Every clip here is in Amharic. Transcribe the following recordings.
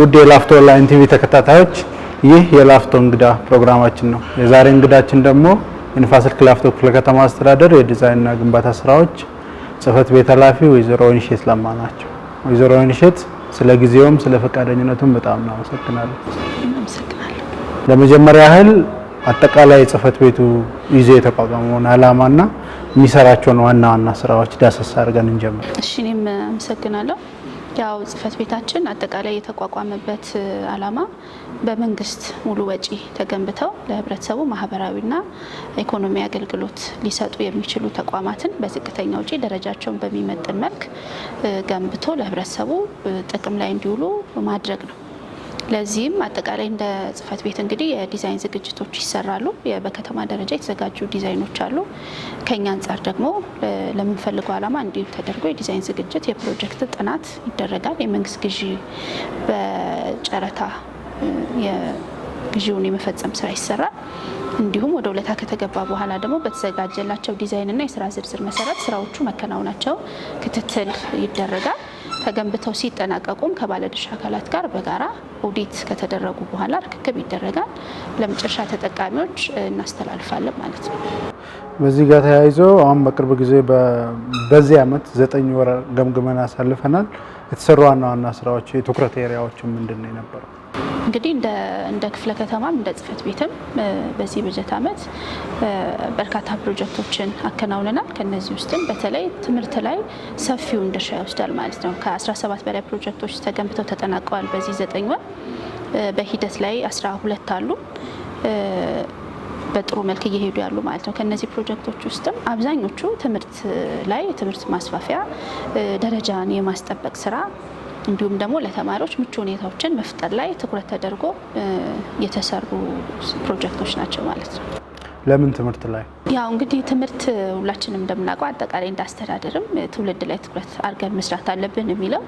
ውድ የላፍቶ ኦንላይን ቲቪ ተከታታዮች ይህ የላፍቶ እንግዳ ፕሮግራማችን ነው። የዛሬ እንግዳችን ደግሞ የንፋስልክ ላፍቶ ክፍለ ከተማ አስተዳደር የዲዛይንና ግንባታ ስራዎች ጽህፈት ቤት ኃላፊ ወይዘሮ ወይንሸት ለማ ናቸው። ወይዘሮ ወይንሸት ስለ ጊዜውም ስለ ፈቃደኝነቱም በጣም እናመሰግናለን። ለመጀመሪያ ያህል አጠቃላይ ጽህፈት ቤቱ ይዞ የተቋቋመውን አላማና። የሚሰራቸውን ዋና ዋና ስራዎች ዳሰስ አድርገን እንጀምር። እሺ፣ እኔም አመሰግናለሁ። ያው ጽህፈት ቤታችን አጠቃላይ የተቋቋመበት አላማ በመንግስት ሙሉ ወጪ ተገንብተው ለህብረተሰቡ ማህበራዊና ኢኮኖሚ አገልግሎት ሊሰጡ የሚችሉ ተቋማትን በዝቅተኛ ወጪ ደረጃቸውን በሚመጥን መልክ ገንብቶ ለህብረተሰቡ ጥቅም ላይ እንዲውሉ ማድረግ ነው። ለዚህም አጠቃላይ እንደ ጽህፈት ቤት እንግዲህ የዲዛይን ዝግጅቶች ይሰራሉ። በከተማ ደረጃ የተዘጋጁ ዲዛይኖች አሉ። ከኛ አንጻር ደግሞ ለምንፈልገው ዓላማ እንዲሁ ተደርጎ የዲዛይን ዝግጅት፣ የፕሮጀክት ጥናት ይደረጋል። የመንግስት ግዢ በጨረታ ግዢውን የመፈጸም ስራ ይሰራል። እንዲሁም ወደ ውለታ ከተገባ በኋላ ደግሞ በተዘጋጀላቸው ዲዛይንና የስራ ዝርዝር መሰረት ስራዎቹ መከናወናቸው ክትትል ይደረጋል። ተገንብተው ሲጠናቀቁም ከባለድርሻ አካላት ጋር በጋራ ኦዲት ከተደረጉ በኋላ ርክክብ ይደረጋል። ለመጨረሻ ተጠቃሚዎች እናስተላልፋለን ማለት ነው። በዚህ ጋር ተያይዞ አሁን በቅርብ ጊዜ በዚህ ዓመት ዘጠኝ ወር ገምግመን አሳልፈናል። የተሰሩ ዋና ዋና ስራዎች የትኩረት ኤሪያዎችን ምንድን ነው የነበረው? እንግዲህ እንደ ክፍለ ከተማም እንደ ጽህፈት ቤትም በዚህ በጀት ዓመት በርካታ ፕሮጀክቶችን አከናውነናል። ከነዚህ ውስጥም በተለይ ትምህርት ላይ ሰፊውን ድርሻ ይወስዳል ማለት ነው። ከ17 በላይ ፕሮጀክቶች ተገንብተው ተጠናቀዋል። በዚህ ዘጠኝ ወር በሂደት ላይ 12 አሉ በጥሩ መልክ እየሄዱ ያሉ ማለት ነው። ከነዚህ ፕሮጀክቶች ውስጥም አብዛኞቹ ትምህርት ላይ የትምህርት ማስፋፊያ ደረጃን የማስጠበቅ ስራ እንዲሁም ደግሞ ለተማሪዎች ምቹ ሁኔታዎችን መፍጠር ላይ ትኩረት ተደርጎ የተሰሩ ፕሮጀክቶች ናቸው ማለት ነው። ለምን ትምህርት ላይ ያው እንግዲህ ትምህርት ሁላችንም እንደምናውቀው አጠቃላይ እንዳስተዳደርም ትውልድ ላይ ትኩረት አድርገን መስራት አለብን የሚለው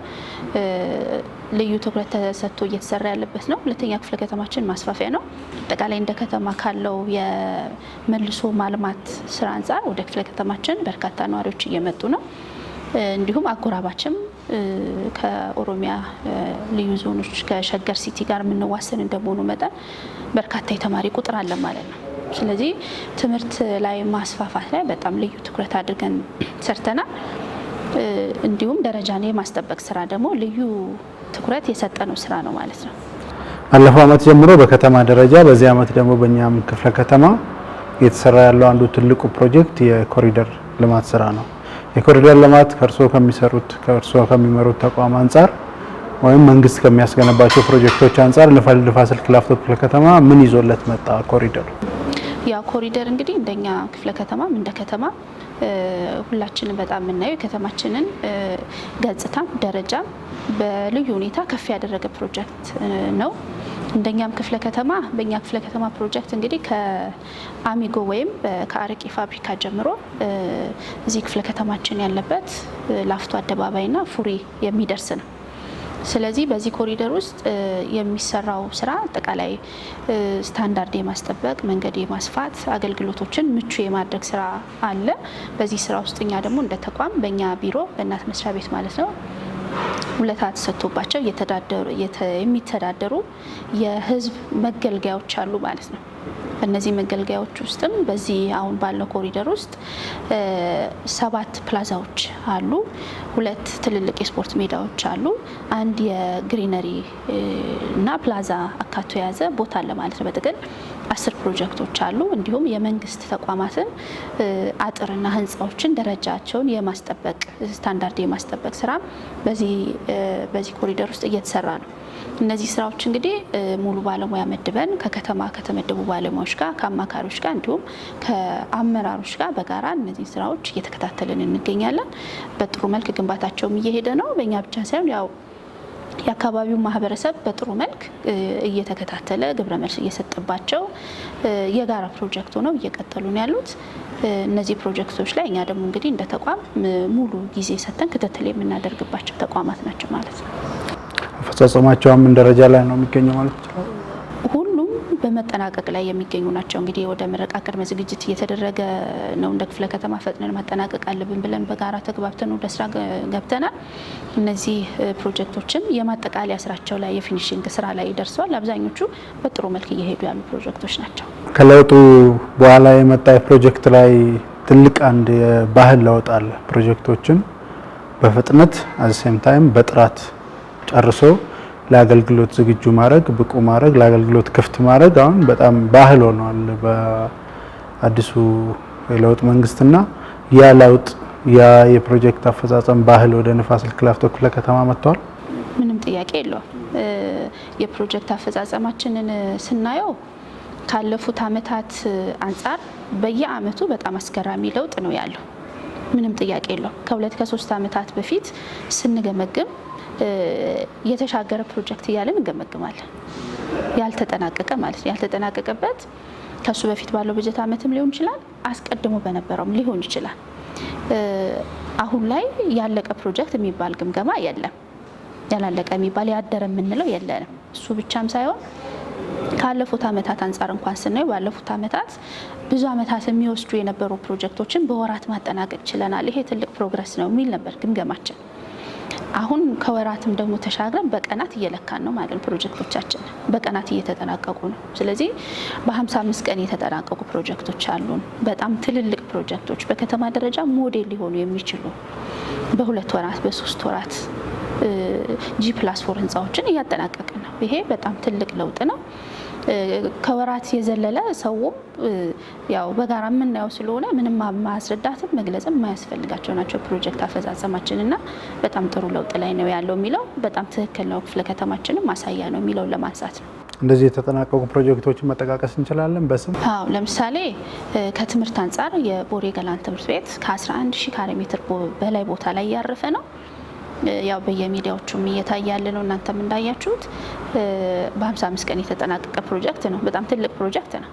ልዩ ትኩረት ተሰጥቶ እየተሰራ ያለበት ነው። ሁለተኛ ክፍለ ከተማችን ማስፋፊያ ነው። አጠቃላይ እንደ ከተማ ካለው የመልሶ ማልማት ስራ አንጻር ወደ ክፍለ ከተማችን በርካታ ነዋሪዎች እየመጡ ነው። እንዲሁም አጎራባችም ከኦሮሚያ ልዩ ዞኖች ከሸገር ሲቲ ጋር የምንዋሰን እንደመሆኑ መጠን በርካታ የተማሪ ቁጥር አለ ማለት ነው። ስለዚህ ትምህርት ላይ ማስፋፋት ላይ በጣም ልዩ ትኩረት አድርገን ሰርተናል። እንዲሁም ደረጃን የማስጠበቅ ስራ ደግሞ ልዩ ትኩረት የሰጠነው ስራ ነው ማለት ነው። አለፈው አመት ጀምሮ በከተማ ደረጃ በዚህ አመት ደግሞ በእኛም ክፍለ ከተማ እየተሰራ ያለው አንዱ ትልቁ ፕሮጀክት የኮሪደር ልማት ስራ ነው። የኮሪደር ልማት ከእርሶ ከሚሰሩት ከእርሶ ከሚመሩት ተቋም አንጻር ወይም መንግስት ከሚያስገነባቸው ፕሮጀክቶች አንጻር ንፋስ ስልክ ላፍቶ ክፍለ ከተማ ምን ይዞለት መጣ? ኮሪደር ያ ኮሪደር እንግዲህ እንደኛ ክፍለ ከተማም እንደ ከተማ ሁላችንም በጣም የምናየው የከተማችንን ገጽታም ደረጃም በልዩ ሁኔታ ከፍ ያደረገ ፕሮጀክት ነው። እንደኛም ክፍለ ከተማ በእኛ ክፍለ ከተማ ፕሮጀክት እንግዲህ ከአሚጎ ወይም ከአረቄ ፋብሪካ ጀምሮ እዚህ ክፍለ ከተማችን ያለበት ላፍቶ አደባባይና ፉሬ የሚደርስ ነው። ስለዚህ በዚህ ኮሪደር ውስጥ የሚሰራው ስራ አጠቃላይ ስታንዳርድ የማስጠበቅ መንገድ የማስፋት አገልግሎቶችን ምቹ የማድረግ ስራ አለ። በዚህ ስራ ውስጥ እኛ ደግሞ እንደ ተቋም በእኛ ቢሮ በእናት መስሪያ ቤት ማለት ነው ውለታ ተሰጥቶባቸው የሚተዳደሩ የህዝብ መገልገያዎች አሉ ማለት ነው። በእነዚህ መገልገያዎች ውስጥም በዚህ አሁን ባለው ኮሪደር ውስጥ ሰባት ፕላዛዎች አሉ። ሁለት ትልልቅ የስፖርት ሜዳዎች አሉ። አንድ የግሪነሪ እና ፕላዛ አካቶ የያዘ ቦታ አለ ማለት ነው በጥቅል አስር ፕሮጀክቶች አሉ። እንዲሁም የመንግስት ተቋማትን አጥርና ህንፃዎችን ደረጃቸውን የማስጠበቅ ስታንዳርድ የማስጠበቅ ስራ በዚህ በዚህ ኮሪደር ውስጥ እየተሰራ ነው። እነዚህ ስራዎች እንግዲህ ሙሉ ባለሙያ መድበን ከከተማ ከተመደቡ ባለሙያዎች ጋር ከአማካሪዎች ጋር እንዲሁም ከአመራሮች ጋር በጋራ እነዚህ ስራዎች እየተከታተልን እንገኛለን። በጥሩ መልክ ግንባታቸውም እየሄደ ነው። በእኛ ብቻ ሳይሆን ያው የአካባቢው ማህበረሰብ በጥሩ መልክ እየተከታተለ ግብረ መልስ እየሰጠባቸው የጋራ ፕሮጀክት ሆነው እየቀጠሉ ነው ያሉት። እነዚህ ፕሮጀክቶች ላይ እኛ ደግሞ እንግዲህ እንደ ተቋም ሙሉ ጊዜ ሰጥተን ክትትል የምናደርግባቸው ተቋማት ናቸው ማለት ነው። አፈጻጸማቸው ምን ደረጃ ላይ ነው የሚገኘው ማለት ይችላል? በመጠናቀቅ ላይ የሚገኙ ናቸው። እንግዲህ ወደ ምረቃ ቅድመ ዝግጅት እየተደረገ ነው። እንደ ክፍለ ከተማ ፈጥነን ማጠናቀቅ አለብን ብለን በጋራ ተግባብተን ወደ ስራ ገብተናል። እነዚህ ፕሮጀክቶችም የማጠቃለያ ስራቸው ላይ የፊኒሽንግ ስራ ላይ ደርሰዋል። አብዛኞቹ በጥሩ መልክ እየሄዱ ያሉ ፕሮጀክቶች ናቸው። ከለውጡ በኋላ የመጣ ፕሮጀክት ላይ ትልቅ አንድ የባህል ለውጥ አለ። ፕሮጀክቶችን በፍጥነት አዘሴም ታይም በጥራት ጨርሶ ለአገልግሎት ዝግጁ ማድረግ፣ ብቁ ማድረግ፣ ለአገልግሎት ክፍት ማድረግ አሁን በጣም ባህል ሆኗል በአዲሱ የለውጥ መንግስትና ያ ለውጥ ያ የፕሮጀክት አፈጻጸም ባህል ወደ ንፋስ ስልክ ላፍቶ ክፍለ ከተማ መጥቷል። ምንም ጥያቄ የለውም። የፕሮጀክት አፈጻጸማችንን ስናየው ካለፉት አመታት አንጻር በየአመቱ በጣም አስገራሚ ለውጥ ነው ያለው። ምንም ጥያቄ የለውም። ከሁለት ከሶስት አመታት በፊት ስንገመግም የተሻገረ ፕሮጀክት እያለን እንገመግማለን። ያልተጠናቀቀ ማለት ነው። ያልተጠናቀቀበት ከሱ በፊት ባለው በጀት ዓመትም ሊሆን ይችላል፣ አስቀድሞ በነበረውም ሊሆን ይችላል። አሁን ላይ ያለቀ ፕሮጀክት የሚባል ግምገማ የለም። ያላለቀ የሚባል ያደረ የምንለው የለንም። እሱ ብቻም ሳይሆን ካለፉት ዓመታት አንጻር እንኳን ስናየው ባለፉት ዓመታት ብዙ ዓመታት የሚወስዱ የነበሩ ፕሮጀክቶችን በወራት ማጠናቀቅ ችለናል። ይሄ ትልቅ ፕሮግረስ ነው የሚል ነበር ግምገማችን። አሁን ከወራትም ደግሞ ተሻግረን በቀናት እየለካን ነው ማለት ነው። ፕሮጀክቶቻችን በቀናት እየተጠናቀቁ ነው። ስለዚህ በ55 ቀን የተጠናቀቁ ፕሮጀክቶች አሉን። በጣም ትልልቅ ፕሮጀክቶች በከተማ ደረጃ ሞዴል ሊሆኑ የሚችሉ በሁለት ወራት በሶስት ወራት ጂ ፕላስ ፎር ህንፃዎችን እያጠናቀቅን ነው። ይሄ በጣም ትልቅ ለውጥ ነው። ከወራት የዘለለ ሰውም ያው በጋራ የምናየው ስለሆነ ምንም ማስረዳትም መግለጽም የማያስፈልጋቸው ናቸው። ፕሮጀክት አፈጻጸማችንና በጣም ጥሩ ለውጥ ላይ ነው ያለው የሚለው በጣም ትክክል ነው። ክፍለ ከተማችንም ማሳያ ነው የሚለው ለማንሳት ነው። እንደዚህ የተጠናቀቁ ፕሮጀክቶችን መጠቃቀስ እንችላለን በስም አዎ። ለምሳሌ ከትምህርት አንጻር የቦሬ ገላን ትምህርት ቤት ከ11 ሺህ ካሬ ሜትር በላይ ቦታ ላይ ያረፈ ነው። ያው በየሚዲያዎቹም እየታየ ያለ ነው። እናንተም እንዳያችሁት በ55 ቀን የተጠናቀቀ ፕሮጀክት ነው። በጣም ትልቅ ፕሮጀክት ነው።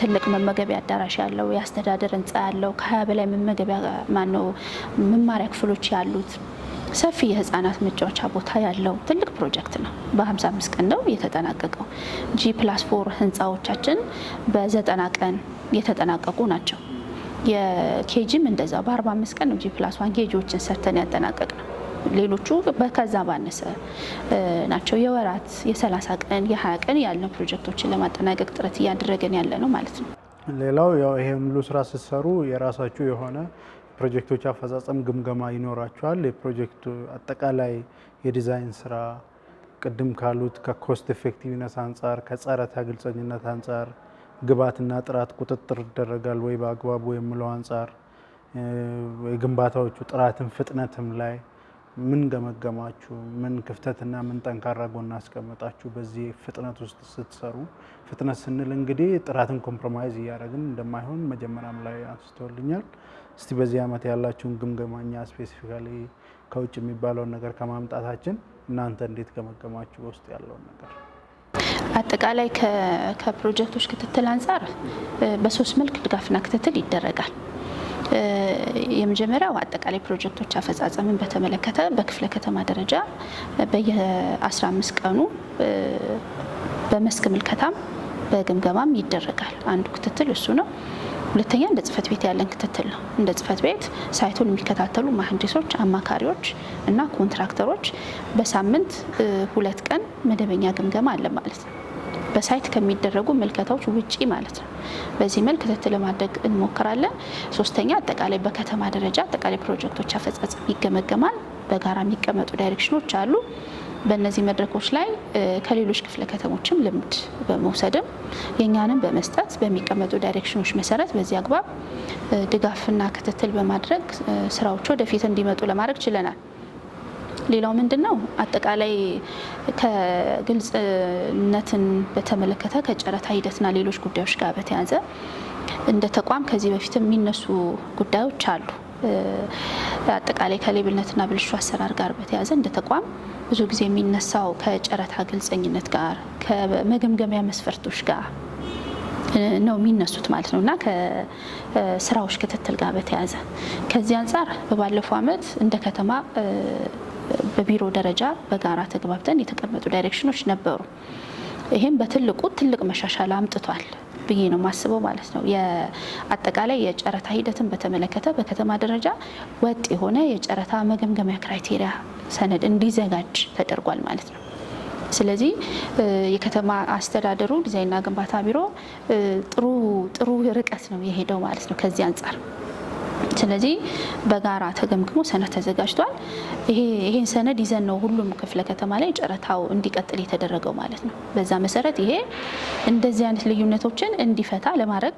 ትልቅ መመገቢያ አዳራሽ ያለው የአስተዳደር ህንፃ ያለው ከ ከ20 በላይ መመገቢያ ማነው መማሪያ ክፍሎች ያሉት ሰፊ የህፃናት መጫወቻ ቦታ ያለው ትልቅ ፕሮጀክት ነው። በ55 ቀን ነው የተጠናቀቀው። ጂ ፕላስ ፎር ህንፃዎቻችን በ90 ቀን የተጠናቀቁ ናቸው። የኬጂም እንደዛ በ45 ቀን ነው ጂ ፕላስ ዋን ኬጂዎችን ሰርተን ያጠናቀቅ ነው። ሌሎቹ ከዛ ባነሰ ናቸው። የወራት የ30 ቀን የ20 ቀን ያለው ፕሮጀክቶችን ለማጠናቀቅ ጥረት እያደረገን ያለ ነው ማለት ነው። ሌላው ያው ይሄ ሙሉ ስራ ስትሰሩ የራሳችሁ የሆነ ፕሮጀክቶች አፈጻጸም ግምገማ ይኖራችኋል። የፕሮጀክቱ አጠቃላይ የዲዛይን ስራ ቅድም ካሉት ከኮስት ኢፌክቲቭነት አንጻር፣ ከጸረታ ግልጸኝነት አንጻር ግብዓትና ጥራት ቁጥጥር ይደረጋል ወይ በአግባቡ የምለው አንጻር የግንባታዎቹ ጥራትን ፍጥነትም ላይ ምን ገመገማችሁ? ምን ክፍተትና ምን ጠንካራ ጎና አስቀመጣችሁ? በዚህ ፍጥነት ውስጥ ስትሰሩ ፍጥነት ስንል እንግዲህ ጥራትን ኮምፕሮማይዝ እያደረግን እንደማይሆን መጀመሪያም ላይ አንስቶልኛል። እስቲ በዚህ ዓመት ያላችሁን ግምገማኛ ስፔሲፊካሊ ከውጭ የሚባለውን ነገር ከማምጣታችን እናንተ እንዴት ገመገማችሁ? በውስጥ ያለውን ነገር አጠቃላይ ከፕሮጀክቶች ክትትል አንጻር በሶስት መልክ ድጋፍና ክትትል ይደረጋል። የመጀመሪያው አጠቃላይ ፕሮጀክቶች አፈጻጸምን በተመለከተ በክፍለ ከተማ ደረጃ በየ15 ቀኑ በመስክ ምልከታም በግምገማም ይደረጋል። አንዱ ክትትል እሱ ነው። ሁለተኛ እንደ ጽህፈት ቤት ያለን ክትትል ነው። እንደ ጽህፈት ቤት ሳይቱን የሚከታተሉ መሀንዲሶች፣ አማካሪዎች እና ኮንትራክተሮች በሳምንት ሁለት ቀን መደበኛ ግምገማ አለ ማለት ነው። በሳይት ከሚደረጉ ምልከታዎች ውጪ ማለት ነው። በዚህ መልክ ክትትል ለማድረግ እንሞክራለን። ሶስተኛ አጠቃላይ በከተማ ደረጃ አጠቃላይ ፕሮጀክቶች አፈጻጸም ይገመገማል። በጋራ የሚቀመጡ ዳይሬክሽኖች አሉ። በእነዚህ መድረኮች ላይ ከሌሎች ክፍለ ከተሞችም ልምድ በመውሰድም የእኛንም በመስጠት በሚቀመጡ ዳይሬክሽኖች መሰረት በዚህ አግባብ ድጋፍና ክትትል በማድረግ ስራዎች ወደፊት እንዲመጡ ለማድረግ ችለናል። ሌላው ምንድን ነው? አጠቃላይ ከግልጽነትን በተመለከተ ከጨረታ ሂደትና ሌሎች ጉዳዮች ጋር በተያያዘ እንደ ተቋም ከዚህ በፊት የሚነሱ ጉዳዮች አሉ። አጠቃላይ ከሌብነትና ብልሹ አሰራር ጋር በተያያዘ እንደ ተቋም ብዙ ጊዜ የሚነሳው ከጨረታ ግልጸኝነት ጋር ከመገምገሚያ መስፈርቶች ጋር ነው የሚነሱት ማለት ነው እና ከስራዎች ክትትል ጋር በተያያዘ ከዚህ አንጻር በባለፈው አመት እንደ ከተማ በቢሮ ደረጃ በጋራ ተግባብተን የተቀመጡ ዳይሬክሽኖች ነበሩ። ይህም በትልቁ ትልቅ መሻሻል አምጥቷል። ብዬ ነው ማስበው ማለት ነው። አጠቃላይ የጨረታ ሂደትን በተመለከተ በከተማ ደረጃ ወጥ የሆነ የጨረታ መገምገሚያ ክራይቴሪያ ሰነድ እንዲዘጋጅ ተደርጓል ማለት ነው። ስለዚህ የከተማ አስተዳደሩ ዲዛይንና ግንባታ ቢሮ ጥሩ ጥሩ ርቀት ነው የሄደው ማለት ነው ከዚህ አንጻር ስለዚህ በጋራ ተገምግሞ ሰነድ ተዘጋጅቷል። ይሄን ሰነድ ይዘን ነው ሁሉም ክፍለ ከተማ ላይ ጨረታው እንዲቀጥል የተደረገው ማለት ነው። በዛ መሰረት ይሄ እንደዚህ አይነት ልዩነቶችን እንዲፈታ ለማድረግ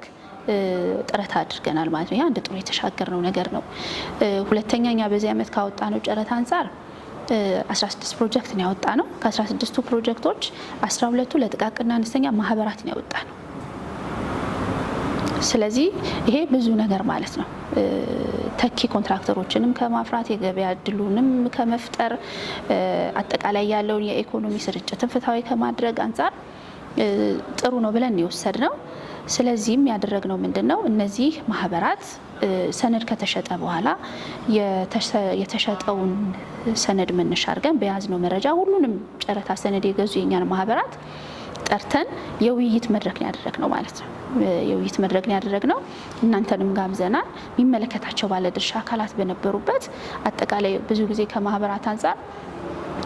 ጥረት አድርገናል ማለት ነው። ይህ አንድ ጥሩ የተሻገርነው ነገር ነው። ሁለተኛ እኛ በዚህ ዓመት ካወጣነው ጨረታ አንጻር 16 ፕሮጀክት ነው ያወጣ ነው። ከ16ቱ ፕሮጀክቶች 12ቱ ለጥቃቅና አነስተኛ ማህበራት ነው ያወጣ ነው። ስለዚህ ይሄ ብዙ ነገር ማለት ነው። ተኪ ኮንትራክተሮችንም ከማፍራት የገበያ እድሉንም ከመፍጠር አጠቃላይ ያለውን የኢኮኖሚ ስርጭትን ፍትሐዊ ከማድረግ አንጻር ጥሩ ነው ብለን የወሰድ ነው። ስለዚህም ያደረግነው ምንድን ነው እነዚህ ማህበራት ሰነድ ከተሸጠ በኋላ የተሸጠውን ሰነድ መነሻ አድርገን በያዝነው መረጃ ሁሉንም ጨረታ ሰነድ የገዙ የኛን ማህበራት ጠርተን የውይይት መድረክ ያደረግ ነው ማለት ነው። የውይይት መድረክ ነው እናንተንም ጋብዘናል። የሚመለከታቸው ባለድርሻ አካላት በነበሩበት አጠቃላይ ብዙ ጊዜ ከማህበራት አንጻር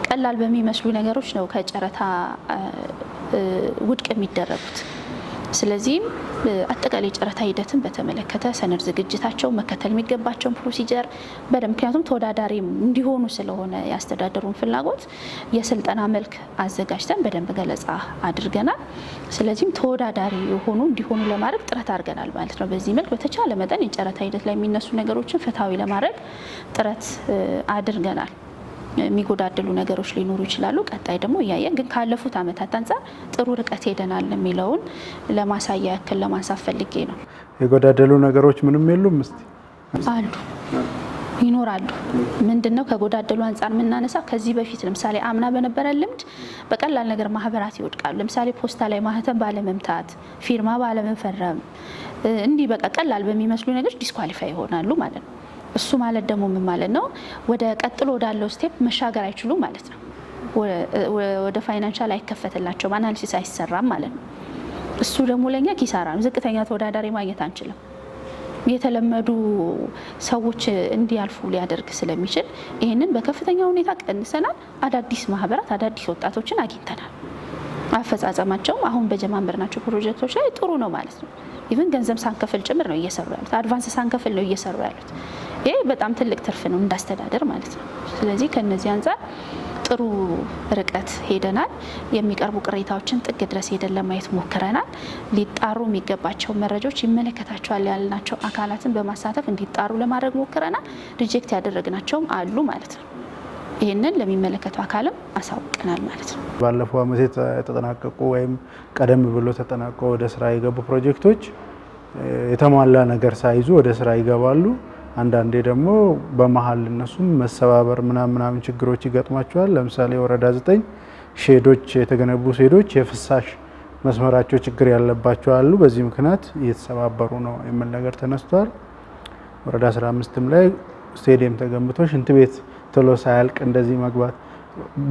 ቀላል በሚመስሉ ነገሮች ነው ከጨረታ ውድቅ የሚደረጉት። ስለዚህም አጠቃላይ የጨረታ ሂደትን በተመለከተ ሰነድ ዝግጅታቸው መከተል የሚገባቸውን ፕሮሲጀር በደንብ ምክንያቱም ተወዳዳሪ እንዲሆኑ ስለሆነ ያስተዳደሩን ፍላጎት የስልጠና መልክ አዘጋጅተን በደንብ ገለጻ አድርገናል። ስለዚህም ተወዳዳሪ የሆኑ እንዲሆኑ ለማድረግ ጥረት አድርገናል ማለት ነው። በዚህ መልክ በተቻለ መጠን የጨረታ ሂደት ላይ የሚነሱ ነገሮችን ፍትሐዊ ለማድረግ ጥረት አድርገናል። የሚጎዳደሉ ነገሮች ሊኖሩ ይችላሉ። ቀጣይ ደግሞ እያየን ግን ካለፉት አመታት አንጻር ጥሩ ርቀት ሄደናል የሚለውን ለማሳያ ያክል ለማንሳት ፈልጌ ነው። የጎዳደሉ ነገሮች ምንም የሉም ስ አሉ ይኖራሉ። ምንድን ነው ከጎዳደሉ አንጻር የምናነሳው? ከዚህ በፊት ለምሳሌ አምና በነበረ ልምድ በቀላል ነገር ማህበራት ይወድቃሉ። ለምሳሌ ፖስታ ላይ ማህተም ባለመምታት፣ ፊርማ ባለመፈረም፣ እንዲህ በቃ ቀላል በሚመስሉ ነገሮች ዲስኳሊፋይ ይሆናሉ ማለት ነው። እሱ ማለት ደግሞ ምን ማለት ነው? ወደ ቀጥሎ ወዳለው ስቴፕ መሻገር አይችሉም ማለት ነው። ወደ ፋይናንሻል አይከፈትላቸውም፣ አናሊሲስ አይሰራም ማለት ነው። እሱ ደግሞ ለእኛ ኪሳራ ነው። ዝቅተኛ ተወዳዳሪ ማግኘት አንችልም። የተለመዱ ሰዎች እንዲያልፉ ሊያደርግ ስለሚችል ይህንን በከፍተኛ ሁኔታ ቀንሰናል። አዳዲስ ማህበራት አዳዲስ ወጣቶችን አግኝተናል። አፈጻጸማቸውም አሁን በጀማመርናቸው ፕሮጀክቶች ላይ ጥሩ ነው ማለት ነው። ኢቨን ገንዘብ ሳንከፍል ጭምር ነው እየሰሩ ያሉት። አድቫንስ ሳንከፍል ነው እየሰሩ ያሉት። ይሄ በጣም ትልቅ ትርፍ ነው እንዳስተዳደር ማለት ነው። ስለዚህ ከነዚህ አንጻር ጥሩ ርቀት ሄደናል። የሚቀርቡ ቅሬታዎችን ጥግ ድረስ ሄደን ለማየት ሞክረናል። ሊጣሩ የሚገባቸው መረጃዎች ይመለከታቸዋል ያልናቸው አካላትን በማሳተፍ እንዲጣሩ ለማድረግ ሞክረናል። ሪጀክት ያደረግናቸውም አሉ ማለት ነው። ይህንን ለሚመለከቱ አካልም አሳውቀናል ማለት ነው። ባለፈው ዓመት የተጠናቀቁ ወይም ቀደም ብሎ ተጠናቀው ወደ ስራ የገቡ ፕሮጀክቶች የተሟላ ነገር ሳይዙ ወደ ስራ ይገባሉ። አንዳንዴ ደግሞ በመሀል እነሱም መሰባበር ምናምን ምናምን ችግሮች ይገጥማቸዋል። ለምሳሌ ወረዳ ዘጠኝ ሼዶች የተገነቡ ሼዶች የፍሳሽ መስመራቸው ችግር ያለባቸው አሉ። በዚህ ምክንያት እየተሰባበሩ ነው የሚል ነገር ተነስቷል። ወረዳ 15 አምስትም ላይ ስቴዲየም ተገንብቶ ሽንት ቤት ቶሎ ሳያልቅ እንደዚህ መግባት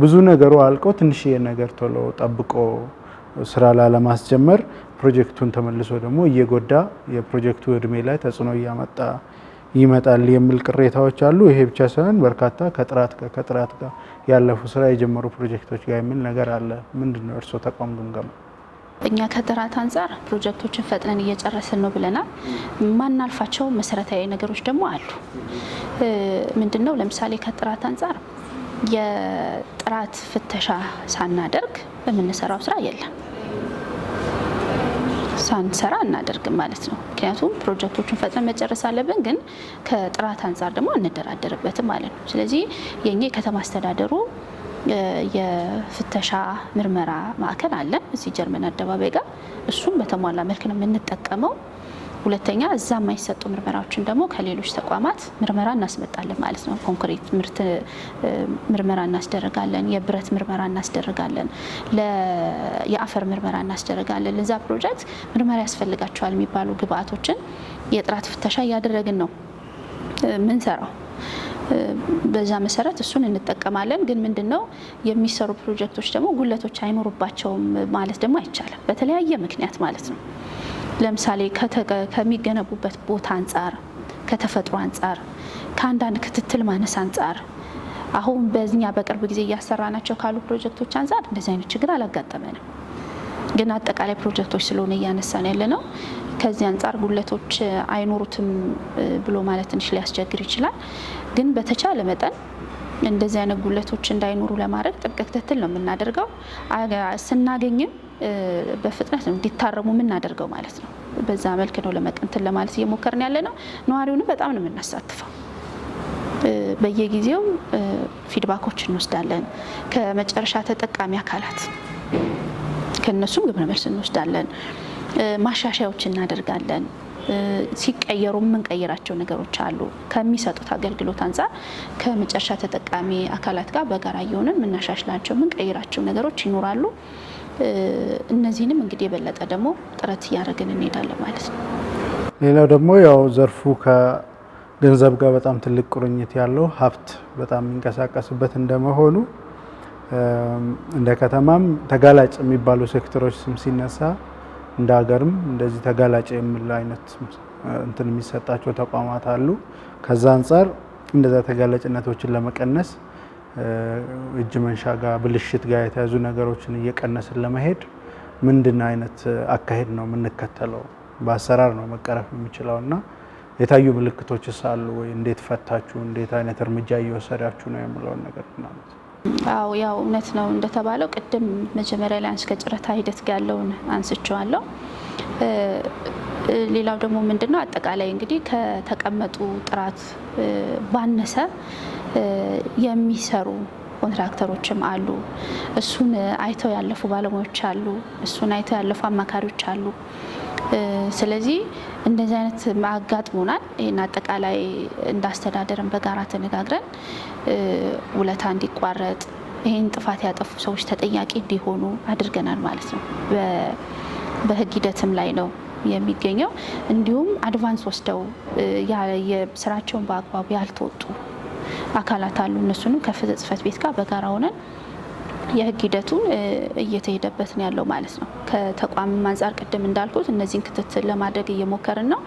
ብዙ ነገሩ አልቆ ትንሽ ነገር ቶሎ ጠብቆ ስራ ላለማስጀመር ፕሮጀክቱን ተመልሶ ደግሞ እየጎዳ የፕሮጀክቱ እድሜ ላይ ተጽዕኖ እያመጣ ይመጣል የሚል ቅሬታዎች አሉ። ይሄ ብቻ ሳይሆን በርካታ ከጥራት ጋር ከጥራት ጋር ያለፉ ስራ የጀመሩ ፕሮጀክቶች ጋር የሚል ነገር አለ። ምንድን ነው እርስዎ ተቋም ግምገማ? እኛ ከጥራት አንጻር ፕሮጀክቶችን ፈጥነን እየጨረስን ነው ብለናል። ማናልፋቸው መሰረታዊ ነገሮች ደግሞ አሉ። ምንድን ነው ለምሳሌ ከጥራት አንጻር የጥራት ፍተሻ ሳናደርግ የምንሰራው ስራ የለም። ሳንሰራ እናደርግም ማለት ነው። ምክንያቱም ፕሮጀክቶቹን ፈጥነን መጨረስ አለብን፣ ግን ከጥራት አንጻር ደግሞ አንደራደርበትም ማለት ነው። ስለዚህ የኛ የከተማ አስተዳደሩ የፍተሻ ምርመራ ማዕከል አለን እዚህ ጀርመን አደባባይ ጋር እሱም በተሟላ መልክ ነው የምንጠቀመው። ሁለተኛ እዛ የማይሰጡ ምርመራዎችን ደግሞ ከሌሎች ተቋማት ምርመራ እናስመጣለን ማለት ነው። ኮንክሪት ምርት ምርመራ እናስደረጋለን፣ የብረት ምርመራ እናስደረጋለን፣ የአፈር ምርመራ እናስደረጋለን። ለዛ ፕሮጀክት ምርመራ ያስፈልጋቸዋል የሚባሉ ግብአቶችን የጥራት ፍተሻ እያደረግን ነው ምንሰራው። በዛ መሰረት እሱን እንጠቀማለን። ግን ምንድን ነው የሚሰሩ ፕሮጀክቶች ደግሞ ጉለቶች አይኖሩባቸውም ማለት ደግሞ አይቻልም፣ በተለያየ ምክንያት ማለት ነው። ለምሳሌ ከሚገነቡበት ቦታ አንጻር፣ ከተፈጥሮ አንጻር፣ ከአንዳንድ ክትትል ማነስ አንጻር አሁን በዚኛ በቅርብ ጊዜ እያሰራናቸው ካሉ ፕሮጀክቶች አንጻር እንደዚህ አይነት ችግር አላጋጠመንም። ግን አጠቃላይ ፕሮጀክቶች ስለሆነ እያነሳን ያለ ነው። ከዚህ አንጻር ጉለቶች አይኖሩትም ብሎ ማለት ትንሽ ሊያስቸግር ይችላል። ግን በተቻለ መጠን እንደዚህ አይነት ጉለቶች እንዳይኖሩ ለማድረግ ጥብቅ ክትትል ነው የምናደርገው ስናገኝም በፍጥነት ነው እንዲታረሙ የምናደርገው ማለት ነው። በዛ መልክ ነው ለመቀንትን ለማለት እየሞከርን ያለ ነው። ነዋሪውንም በጣም ነው የምናሳትፈው። በየጊዜው ፊድባኮች እንወስዳለን ከመጨረሻ ተጠቃሚ አካላት ከእነሱም ግብረ መልስ እንወስዳለን። ማሻሻያዎች እናደርጋለን። ሲቀየሩ የምንቀይራቸው ነገሮች አሉ። ከሚሰጡት አገልግሎት አንጻር ከመጨረሻ ተጠቃሚ አካላት ጋር በጋራ እየሆንን የምናሻሽላቸው የምንቀይራቸው ነገሮች ይኖራሉ። እነዚህንም እንግዲህ የበለጠ ደግሞ ጥረት እያደረግን እንሄዳለን ማለት ነው። ሌላው ደግሞ ያው ዘርፉ ከገንዘብ ጋር በጣም ትልቅ ቁርኝት ያለው ሀብት በጣም የሚንቀሳቀስበት እንደመሆኑ እንደ ከተማም ተጋላጭ የሚባሉ ሴክተሮች ስም ሲነሳ እንደ ሀገርም እንደዚህ ተጋላጭ የሚል አይነት እንትን የሚሰጣቸው ተቋማት አሉ። ከዛ አንጻር እንደዛ ተጋላጭነቶችን ለመቀነስ እጅ መንሻ ጋር ብልሽት ጋር የተያዙ ነገሮችን እየቀነስን ለመሄድ ምንድን አይነት አካሄድ ነው የምንከተለው? በአሰራር ነው መቀረፍ የሚችለው እና የታዩ ምልክቶችስ አሉ ወይ? እንዴት ፈታችሁ? እንዴት አይነት እርምጃ እየወሰዳችሁ ነው የምለውን ነገር ምናምን። አዎ ያው እውነት ነው እንደተባለው ቅድም መጀመሪያ ላይ አንስ ከጨረታ ሂደት ጋር ያለውን አንስቸዋለሁ። ሌላው ደግሞ ምንድነው ነው አጠቃላይ እንግዲህ ከተቀመጡ ጥራት ባነሰ የሚሰሩ ኮንትራክተሮችም አሉ። እሱን አይተው ያለፉ ባለሙያዎች አሉ። እሱን አይተው ያለፉ አማካሪዎች አሉ። ስለዚህ እንደዚህ አይነት አጋጥሞናል። ይህን አጠቃላይ እንዳስተዳደርን በጋራ ተነጋግረን ውለታ እንዲቋረጥ ይህን ጥፋት ያጠፉ ሰዎች ተጠያቂ እንዲሆኑ አድርገናል ማለት ነው። በህግ ሂደትም ላይ ነው የሚገኘው። እንዲሁም አድቫንስ ወስደው ስራቸውን በአግባቡ ያልተወጡ አካላት አሉ። እነሱንም ከፍትህ ጽሕፈት ቤት ጋር በጋራ ሆነን የህግ ሂደቱን እየተሄደበት ነው ያለው ማለት ነው። ከተቋም አንጻር ቅድም እንዳልኩት እነዚህን ክትትል ለማድረግ እየሞከርን ነው።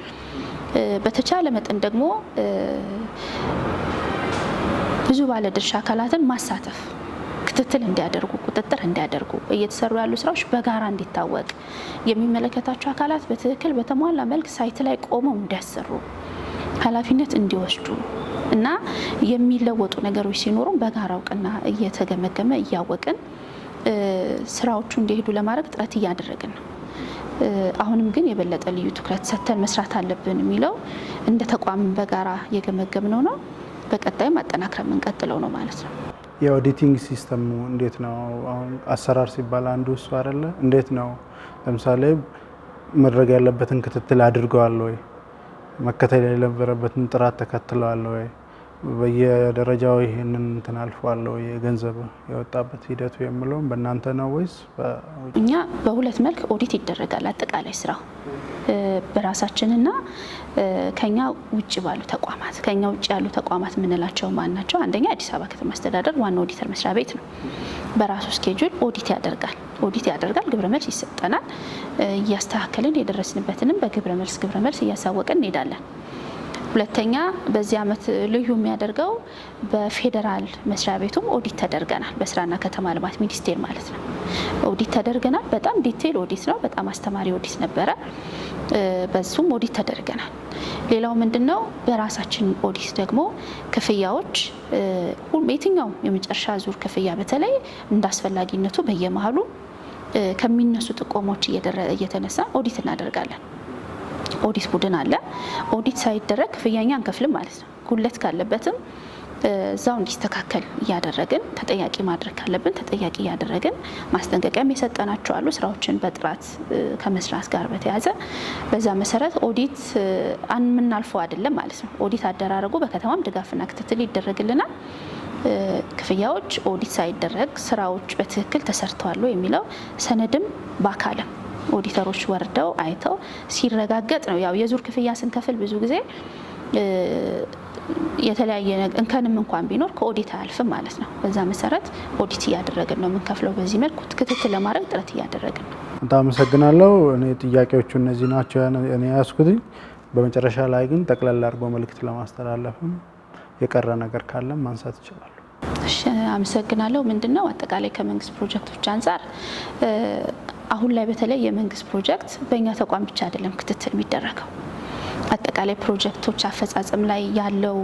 በተቻለ መጠን ደግሞ ብዙ ባለድርሻ አካላትን ማሳተፍ ክትትል እንዲያደርጉ ቁጥጥር እንዲያደርጉ እየተሰሩ ያሉ ስራዎች በጋራ እንዲታወቅ የሚመለከታቸው አካላት በትክክል በተሟላ መልክ ሳይት ላይ ቆመው እንዲያሰሩ ኃላፊነት እንዲወስዱ እና የሚለወጡ ነገሮች ሲኖሩም በጋራ እውቅና እየተገመገመ እያወቅን ስራዎቹ እንዲሄዱ ለማድረግ ጥረት እያደረግን ነው። አሁንም ግን የበለጠ ልዩ ትኩረት ሰጥተን መስራት አለብን የሚለው እንደ ተቋም በጋራ የገመገብነው ነው። በቀጣይም አጠናክረን የምንቀጥለው ነው ማለት ነው። የኦዲቲንግ ሲስተሙ እንዴት ነው? አሁን አሰራር ሲባል አንዱ እሱ አይደለ? እንዴት ነው ለምሳሌ መድረግ ያለበትን ክትትል አድርገዋል ወይ? መከተል የነበረበትን ጥራት ተከትለዋል ወይ? በየደረጃው ይህንን እንትን የገንዘብ የወጣበት ሂደቱ የምለውም በእናንተ ነው ወይስ? እኛ በሁለት መልክ ኦዲት ይደረጋል አጠቃላይ ስራው በራሳችንና ከኛ ውጭ ባሉ ተቋማት ከኛ ውጭ ያሉ ተቋማት የምንላቸው ማን ናቸው? አንደኛ አዲስ አበባ ከተማ አስተዳደር ዋና ኦዲተር መስሪያ ቤት ነው። በራሱ ስኬጁል ኦዲት ያደርጋል ኦዲት ያደርጋል። ግብረ መልስ ይሰጠናል። እያስተካከልን የደረስንበትንም በግብረ መልስ ግብረ መልስ እያሳወቅን እንሄዳለን። ሁለተኛ በዚህ አመት ልዩ የሚያደርገው በፌዴራል መስሪያ ቤቱም ኦዲት ተደርገናል። በስራና ከተማ ልማት ሚኒስቴር ማለት ነው ኦዲት ተደርገናል። በጣም ዲቴይል ኦዲት ነው። በጣም አስተማሪ ኦዲት ነበረ። በሱም ኦዲት ተደርገናል። ሌላው ምንድን ነው? በራሳችን ኦዲት ደግሞ ክፍያዎች፣ የትኛውም የመጨረሻ ዙር ክፍያ በተለይ እንዳስፈላጊነቱ በየመሀሉ ከሚነሱ ጥቆሞች እየተነሳ ኦዲት እናደርጋለን። ኦዲት ቡድን አለ። ኦዲት ሳይደረግ ክፍያኛ አንከፍልም ማለት ነው። ጉለት ካለበትም እዛው እንዲስተካከል እያደረግን ተጠያቂ ማድረግ ካለብን ተጠያቂ እያደረግን ማስጠንቀቂያም የሰጠናቸው አሉ። ስራዎችን በጥራት ከመስራት ጋር በተያያዘ በዛ መሰረት ኦዲት የምናልፈው አይደለም ማለት ነው። ኦዲት አደራረጉ በከተማም ድጋፍና ክትትል ይደረግልናል። ክፍያዎች ኦዲት ሳይደረግ ስራዎች በትክክል ተሰርተዋል የሚለው ሰነድም በአካልም ኦዲተሮች ወርደው አይተው ሲረጋገጥ ነው። ያው የዙር ክፍያ ስንከፍል ብዙ ጊዜ የተለያየ እንከንም እንኳን ቢኖር ከኦዲት አያልፍም ማለት ነው። በዛ መሰረት ኦዲት እያደረግን ነው የምንከፍለው። በዚህ መልኩ ክትትል ለማድረግ ጥረት እያደረግን ነው። በጣም አመሰግናለሁ። እኔ ጥያቄዎቹ እነዚህ ናቸው እኔ ያስኩት። በመጨረሻ ላይ ግን ጠቅላላ አድርጎ መልእክት ለማስተላለፍም የቀረ ነገር ካለም ማንሳት ይችላሉ። አመሰግናለሁ። ምንድን ነው አጠቃላይ ከመንግስት ፕሮጀክቶች አንጻር አሁን ላይ በተለይ የመንግስት ፕሮጀክት በእኛ ተቋም ብቻ አይደለም ክትትል የሚደረገው አጠቃላይ ፕሮጀክቶች አፈጻጸም ላይ ያለው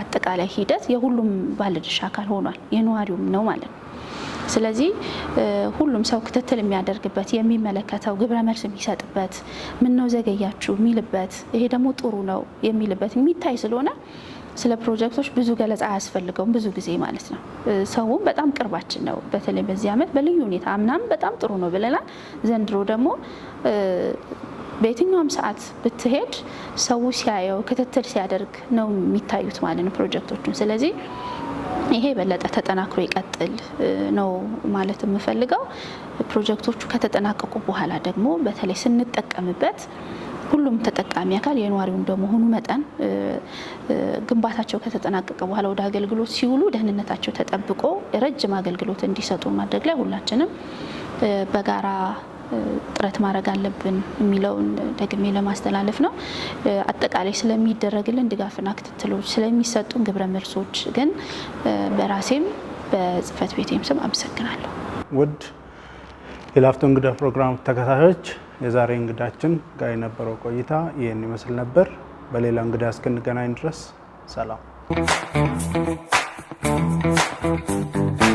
አጠቃላይ ሂደት የሁሉም ባለድርሻ አካል ሆኗል፣ የነዋሪውም ነው ማለት ነው። ስለዚህ ሁሉም ሰው ክትትል የሚያደርግበት የሚመለከተው ግብረ መልስ የሚሰጥበት ምን ነው ዘገያችሁ የሚልበት ይሄ ደግሞ ጥሩ ነው የሚልበት የሚታይ ስለሆነ ስለ ፕሮጀክቶች ብዙ ገለጻ አያስፈልገውም። ብዙ ጊዜ ማለት ነው ሰውም በጣም ቅርባችን ነው። በተለይ በዚህ ዓመት በልዩ ሁኔታ አምናም በጣም ጥሩ ነው ብለናል። ዘንድሮ ደግሞ በየትኛውም ሰዓት ብትሄድ ሰው ሲያየው ክትትል ሲያደርግ ነው የሚታዩት ማለት ነው ፕሮጀክቶቹን። ስለዚህ ይሄ የበለጠ ተጠናክሮ ይቀጥል ነው ማለት የምፈልገው። ፕሮጀክቶቹ ከተጠናቀቁ በኋላ ደግሞ በተለይ ስንጠቀምበት ሁሉም ተጠቃሚ አካል የነዋሪው እንደመሆኑ መጠን ግንባታቸው ከተጠናቀቀ በኋላ ወደ አገልግሎት ሲውሉ ደህንነታቸው ተጠብቆ ረጅም አገልግሎት እንዲሰጡ ማድረግ ላይ ሁላችንም በጋራ ጥረት ማድረግ አለብን የሚለውን ደግሜ ለማስተላለፍ ነው። አጠቃላይ ስለሚደረግልን ድጋፍና ክትትሎች፣ ስለሚሰጡን ግብረ መልሶች ግን በራሴም በጽህፈት ቤቴም ስም አመሰግናለሁ። ውድ የላፍቶ እንግዳ ፕሮግራም ተከታታዮች የዛሬ እንግዳችን ጋር የነበረው ቆይታ ይህን ይመስል ነበር። በሌላ እንግዳ እስክንገናኝ ድረስ ሰላም።